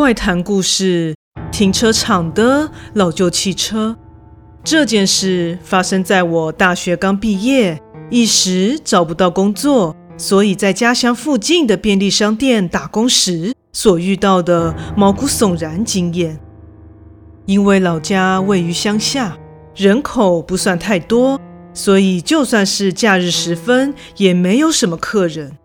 怪談故事：停車場的老舊汽車。這件事發生在我大學剛畢業，一時找不到工作，所以在家鄉附近的便利商店打工時所遇到的毛骨悚然經驗。因為老家位於鄉下，人口不算太多，所以就算是假日時分，也沒有什麼客人。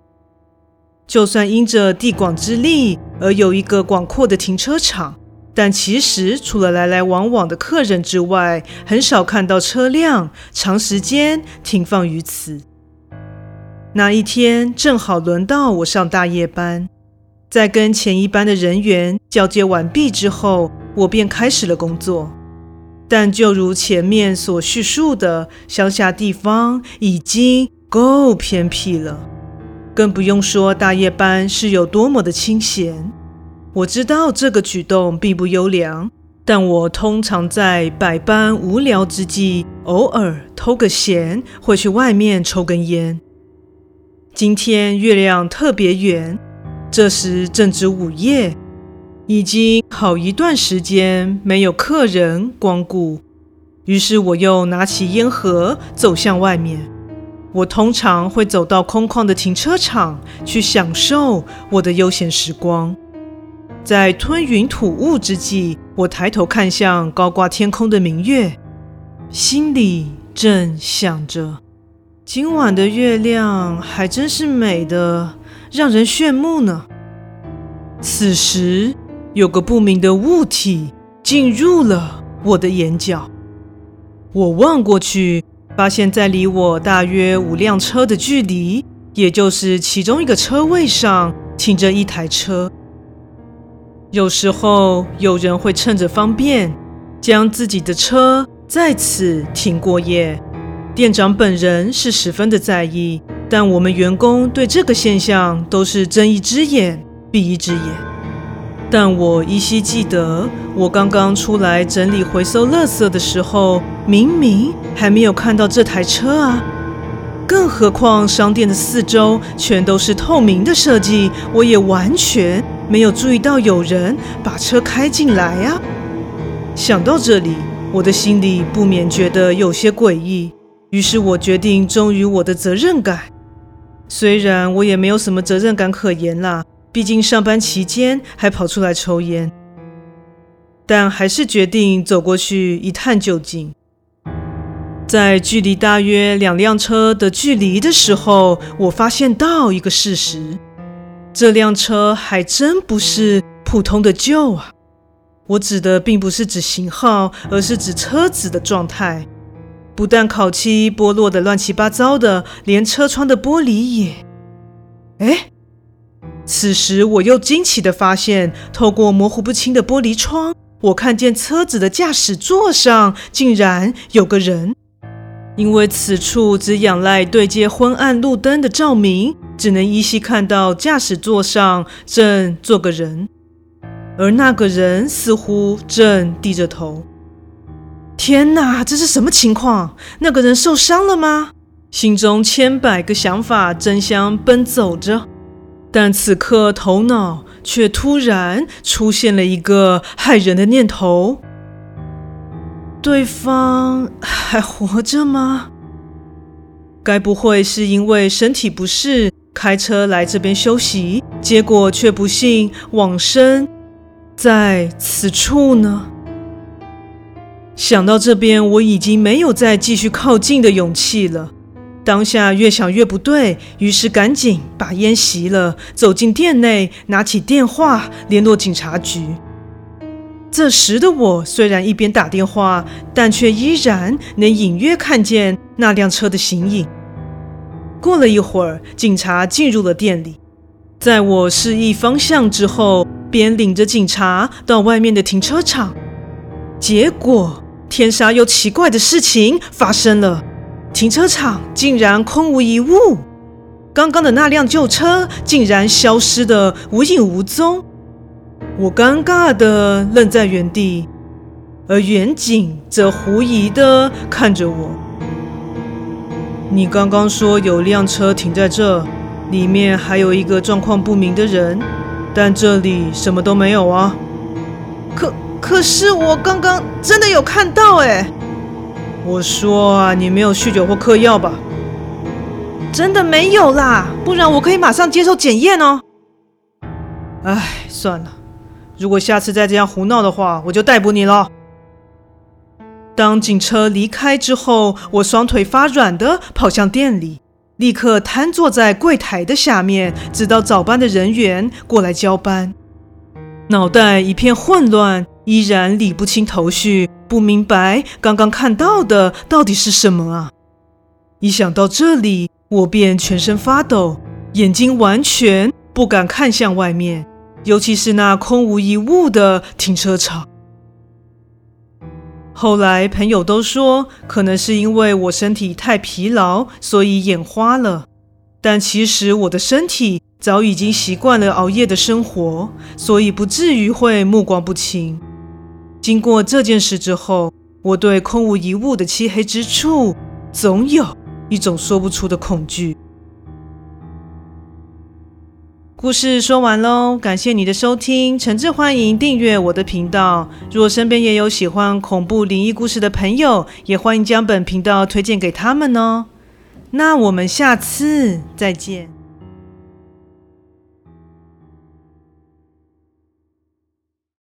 就算因着地廣之利而有一個廣闊的停車場，但其實除了來來往往的客人之外，很少看到車輛長時間停放於此。那一天正好輪到我上大夜班，在跟前一班的人員交接完畢之後，我便開始了工作。但就如前面所敘述的，鄉下地方已經夠偏僻了。更不用說大夜班是有多麼的清閒。我知道這個舉動並不優良，但我通常在百般無聊之際，偶爾偷個閒，會去外面抽根菸。今天月亮特別圓，這時正值午夜，已經好一段時間沒有客人光顧，於是我又拿起菸盒走向外面。我通常會走到空曠的停車場去享受我的悠閒時光，在吞雲吐霧之際，我抬頭看向高掛天空的明月，心裡正想着今晚的月亮還真是美得讓人炫目呢。此時，有個不明的物體進入了我的眼角，我望過去。發現在離我大約五輛車的距離，也就是其中一個車位上停着一台車。有時候有人會趁着方便將自己的車在此停過夜。店長本人是十分的在意，但我們員工對這個現象都是睜一隻眼閉一隻眼。但我依稀記得，我剛剛出來整理回收垃圾的時候，明明還沒有看到這台車啊！更何況商店的四周全都是透明的設計，我也完全沒有注意到有人把車開進來呀。想到這裡，我的心裡不免覺得有些詭異。於是我決定忠於我的責任感，雖然我也沒有什麼責任感可言啦，畢竟上班期間還跑出來抽煙，但還是決定走過去一探究竟。在距離大約兩輛車的距離的時候，我發現到一個事實：這輛車還真不是普通的舊啊！我指的並不是指型號，而是指車子的狀態。不但烤漆剝落得亂七八糟的，連車窗的玻璃也……哎！此時我又驚奇地發現，透過模糊不清的玻璃窗，我看見車子的駕駛座上竟然有個人。因為此處只仰賴對街昏暗路燈的照明，只能依稀看到駕駛座上正坐個人，而那個人似乎正低着頭。天哪，這是什麼情況？那個人受傷了嗎？心中千百個想法爭相奔走着，但此刻頭腦卻突然出現了一個駭人的念頭。對方還活着嗎？該不會是因為身體不適，開車來這邊休息，結果卻不幸往生在此處呢？想到這邊，我已經沒有再繼續靠近的勇氣了。當下越想越不對，於是趕緊把煙熄了，走進店內，拿起電話聯絡警察局。這時的我雖然一邊打電話，但卻依然能隱約看見那輛車的形影。過了一會兒，警察進入了店裡，在我示意方向之後，便領着警察到外面的停車場。結果，天殺又奇怪的事情發生了：停車場竟然空無一物，剛剛的那輛舊車竟然消失得無影無蹤。我尷尬地愣在原地，而遠景則狐疑地看着我。你剛剛說有輛車停在這裡，裡面還有一個狀況不明的人，但這裡什麼都沒有啊。可可是我剛剛真的有看到哎。我說啊，你沒有酗酒或嗑藥吧？真的沒有啦，不然我可以馬上接受檢驗哦。哎，算了。如果下次再這樣胡鬧的話，我就逮捕你了。當警車離開之後，我雙腿發軟的跑向店裡，立刻癱坐在櫃檯的下面，直到早班的人員過來交班。腦袋一片混亂，依然理不清頭緒，不明白剛剛看到的到底是什麼啊！一想到這裡，我便全身發抖，眼睛完全不敢看向外面。尤其是那空無一物的停車場。後來朋友都說，可能是因為我身體太疲勞，所以眼花了。但其實我的身體早已經習慣了熬夜的生活，所以不至於會目光不清。經過這件事之後，我對空無一物的漆黑之處，總有一種說不出的恐懼。故事說完嘍，感謝你的收聽，誠摯歡迎訂閱我的頻道。如果身邊也有喜歡恐怖靈異故事的朋友，也歡迎將本頻道推薦給他們哦。那我們下次再見。